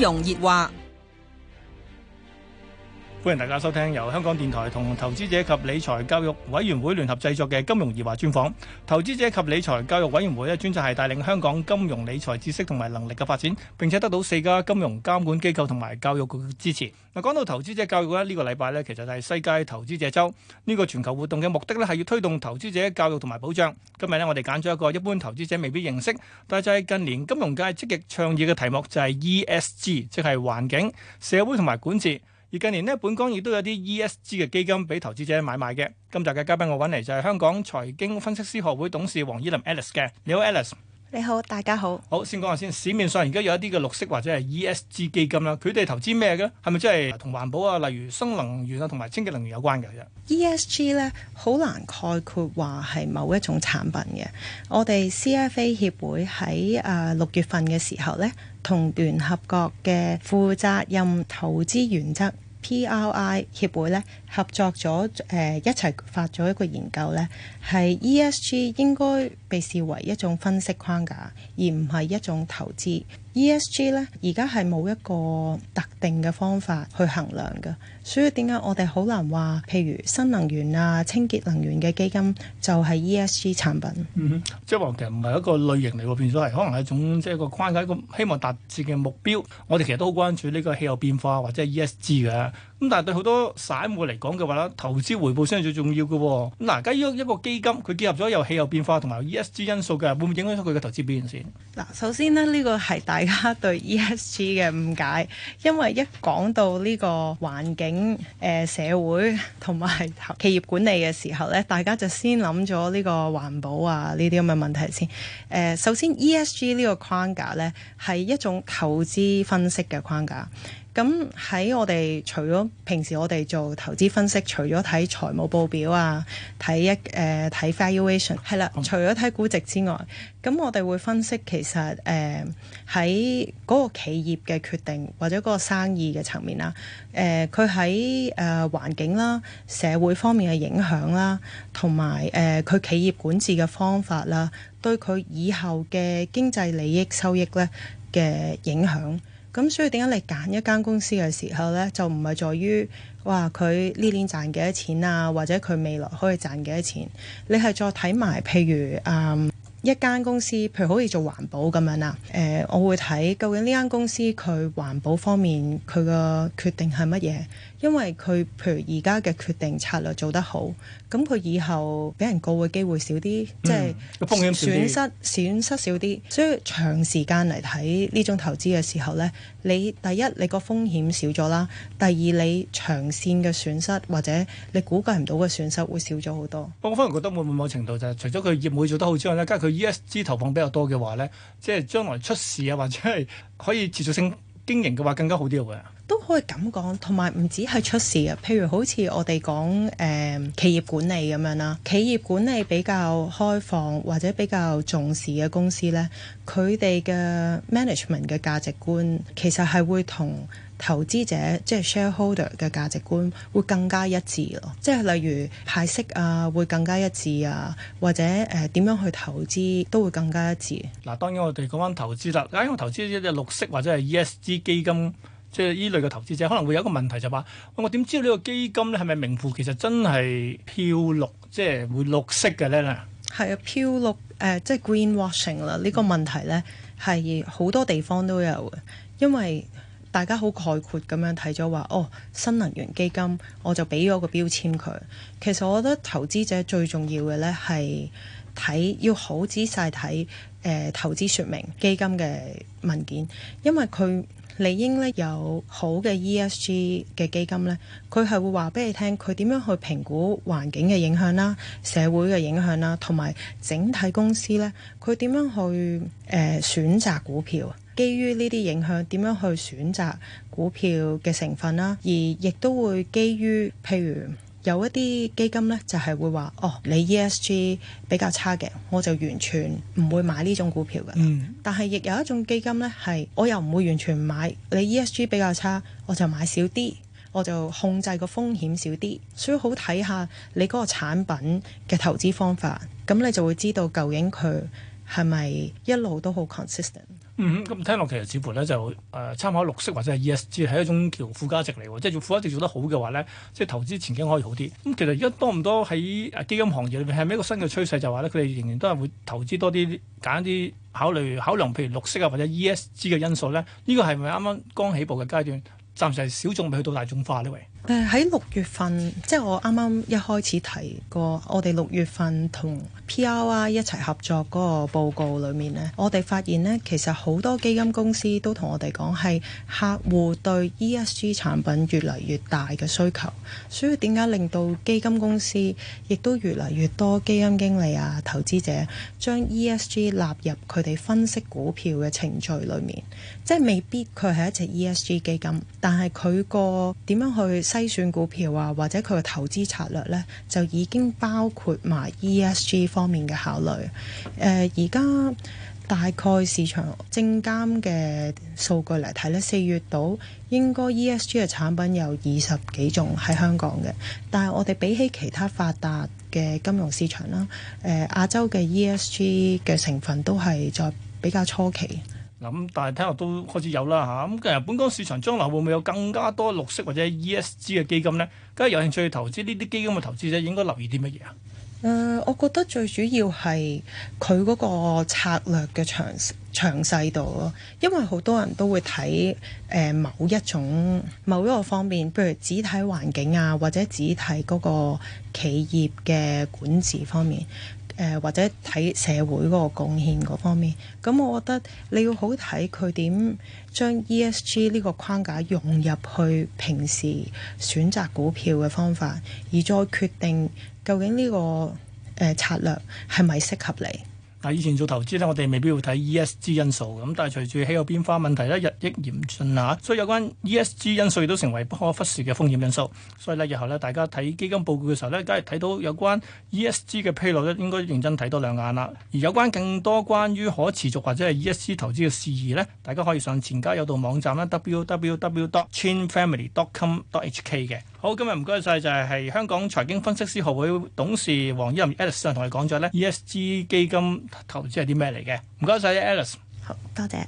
金融熱話。歡迎大家收聽由香港電台同投資者及理財教育委員會聯合製作嘅《金融熱話》專訪。投資者及理財教育委員會咧，專責係帶領香港金融理財知識同埋能力嘅發展，並且得到四家金融監管機構同埋教育局嘅支持。嗱，講到投資者教育呢、呢個禮拜呢其實就係世界投資者周呢、呢個全球活動嘅目的咧，係要推動投資者教育同埋保障。今日呢，我哋揀咗一個一般投資者未必認識，但就係近年金融界積極倡議嘅題目，就係 E S G，即係環境、社會同埋管治。而近年呢，本港亦都有啲 ESG 嘅基金俾投資者買賣嘅。今集嘅嘉賓我揾嚟就係香港財經分析師學會董事黃綺琳 Alice 嘅，你好 Alice。你好，大家好。好，先講下先，市面上而家有一啲嘅綠色或者係 E S G 基金啦，佢哋投資咩嘅？係咪即係同環保啊，例如新能源啊，同埋清潔能源有關嘅？E S G 咧好難概括，話係某一種產品嘅。我哋 C F A 協會喺誒六月份嘅時候咧，同聯合國嘅負責任投資原則 P R I 協會咧。合作咗誒、呃、一齊發咗一個研究咧，係 ESG 應該被視為一種分析框架，而唔係一種投資。ESG 咧而家係冇一個特定嘅方法去衡量嘅，所以點解我哋好難話，譬如新能源啊、清潔能源嘅基金就係 ESG 產品？嗯，即係話其實唔係一個類型嚟喎，變咗係可能係一種即係、即係、一個框架，一個希望達至嘅目標。我哋其實都好關注呢個氣候變化或者 ESG 嘅。咁但係對好多散戶嚟講嘅話咧，投資回報先係最重要嘅、哦。咁嗱，而家一一個基金佢結合咗有氣候變化同埋 ESG 因素嘅，會唔會影響到佢嘅投資表現先？嗱，首先呢，呢個係大家對 ESG 嘅誤解，因為一講到呢個環境、誒、呃、社會同埋企業管理嘅時候咧，大家就先諗咗呢個環保啊呢啲咁嘅問題先。誒、呃，首先 ESG 呢個框架咧係一種投資分析嘅框架。咁喺我哋除咗平時我哋做投資分析，除咗睇財務報表啊，睇一誒睇 valuation 係啦、oh，除咗睇估值之外，咁我哋會分析其實誒喺嗰個企業嘅決定或者嗰個生意嘅層面啦，誒佢喺誒環境啦、社會方面嘅影響啦，同埋誒佢企業管治嘅方法啦，對佢以後嘅經濟利益收益咧嘅影響。咁所以點解你揀一間公司嘅時候咧，就唔係在於哇佢呢年賺幾多錢啊，或者佢未來可以賺幾多錢？你係再睇埋譬如啊，Um, 一間公司，譬如好似做環保咁樣啦，誒、呃，我會睇究竟呢間公司佢環保方面佢個決定係乜嘢？因為佢譬如而家嘅決定策略做得好，咁佢以後俾人告嘅機會少啲，即係、嗯、損風險損失損失少啲，所以長時間嚟睇呢種投資嘅時候咧，你第一你個風險少咗啦，第二你長線嘅損失或者你估計唔到嘅損失會少咗好多。我反而覺得會唔會某程度就係、是、除咗佢業務做得好之外咧，ESG 投放比較多嘅話呢，即係將來出事啊，或者係可以持續性經營嘅話，更加好啲嘅。都可以咁講，同埋唔止係出事啊。譬如好似我哋講誒企業管理咁樣啦，企業管理比較開放或者比較重視嘅公司呢，佢哋嘅 management 嘅價值觀其實係會同。投資者即係 shareholder 嘅價值觀會更加一致咯，即係例如派息啊會更加一致啊，或者誒點、呃、樣去投資都會更加一致。嗱，當然我哋講翻投資啦，咁我投資一隻綠色或者係 ESG 基金，即係依類嘅投資者可能會有一個問題就係、是、話：我點知道呢個基金咧係咪名副其實真係漂綠，即係會綠色嘅咧？係啊，漂綠誒，即係 greenwashing 啦。呢、就是這個問題咧係好多地方都有嘅，因為，大家好概括咁樣睇咗話，哦，新能源基金，我就俾咗個標籤佢。其實我覺得投資者最重要嘅呢係睇，要好仔細睇誒投資説明基金嘅文件，因為佢理應呢有好嘅 ESG 嘅基金呢，佢係會話俾你聽，佢點樣去評估環境嘅影響啦、社會嘅影響啦，同埋整體公司呢，佢點樣去誒、呃、選擇股票。基於呢啲影響，點樣去選擇股票嘅成分啦？而亦都會基於，譬如有一啲基金呢，就係會話哦，你 ESG 比較差嘅，我就完全唔會買呢種股票噶。嗯、但係亦有一種基金呢，係我又唔會完全買你 ESG 比較差，我就買少啲，我就控制個風險少啲，所以好睇下你嗰個產品嘅投資方法，咁你就會知道究竟佢係咪一路都好 consistent。嗯，咁聽落其實似乎咧就誒、呃、參考綠色或者係 E S G 係一種叫附加值嚟喎，即係要附加值做得好嘅話咧，即係投資前景可以好啲。咁其實而家多唔多喺基金行業裏面係咪一個新嘅趨勢就呢，就話咧佢哋仍然都係會投資多啲揀啲考慮考量，譬如綠色啊或者 E S G 嘅因素咧，呢、這個係咪啱啱剛起步嘅階段，暫時係小眾未去到大眾化呢喂！喺六月份，即係我啱啱一開始提過，我哋六月份同 P.R.I 一齊合作嗰個報告裏面咧，我哋發現咧，其實好多基金公司都同我哋講，係客戶對 E.S.G 產品越嚟越大嘅需求所以點解令到基金公司亦都越嚟越多基金經理啊、投資者將 E.S.G 納入佢哋分析股票嘅程序裏面，即係未必佢係一隻 E.S.G 基金，但係佢個點樣去篩選股票啊，或者佢嘅投資策略呢，就已經包括埋 ESG 方面嘅考慮。誒、呃，而家大概市場證監嘅數據嚟睇，呢四月度應該 ESG 嘅產品有二十幾種喺香港嘅，但係我哋比起其他發達嘅金融市場啦，誒、呃，亞洲嘅 ESG 嘅成分都係在比較初期。咁、嗯，但係聽落都開始有啦嚇。咁其實本港市場將來會唔會有更加多綠色或者 ESG 嘅基金呢？梗係有興趣去投資呢啲基金嘅投資者應該留意啲乜嘢啊？誒、呃，我覺得最主要係佢嗰個策略嘅詳詳細度咯，因為好多人都會睇誒、呃、某一種某一個方面，譬如只睇環境啊，或者只睇嗰個企業嘅管治方面。誒或者睇社會個貢獻嗰方面，咁我覺得你要好睇佢點將 ESG 呢個框架融入去平時選擇股票嘅方法，而再決定究竟呢、這個、呃、策略係咪適合你。嗱，以前做投資咧，我哋未必會睇 ESG 因素，咁，但係隨住氣候變化問題咧，日益嚴峻啊，所以有關 ESG 因素亦都成為不可忽視嘅風險因素。所以咧，日後大家睇基金報告嘅時候咧，梗係睇到有關 ESG 嘅披露咧，應該認真睇多兩眼啦。而有關更多關於可持續或者係 ESG 投資嘅事宜咧，大家可以上錢家有道網站啦，www.chainfamily.com.hk 嘅。好，今日唔該晒，就係香港財經分析師學會董事黃綺琳 Alice 上同你講咗咧，ESG 基金投資係啲咩嚟嘅？唔該晒 Alice 好，多謝。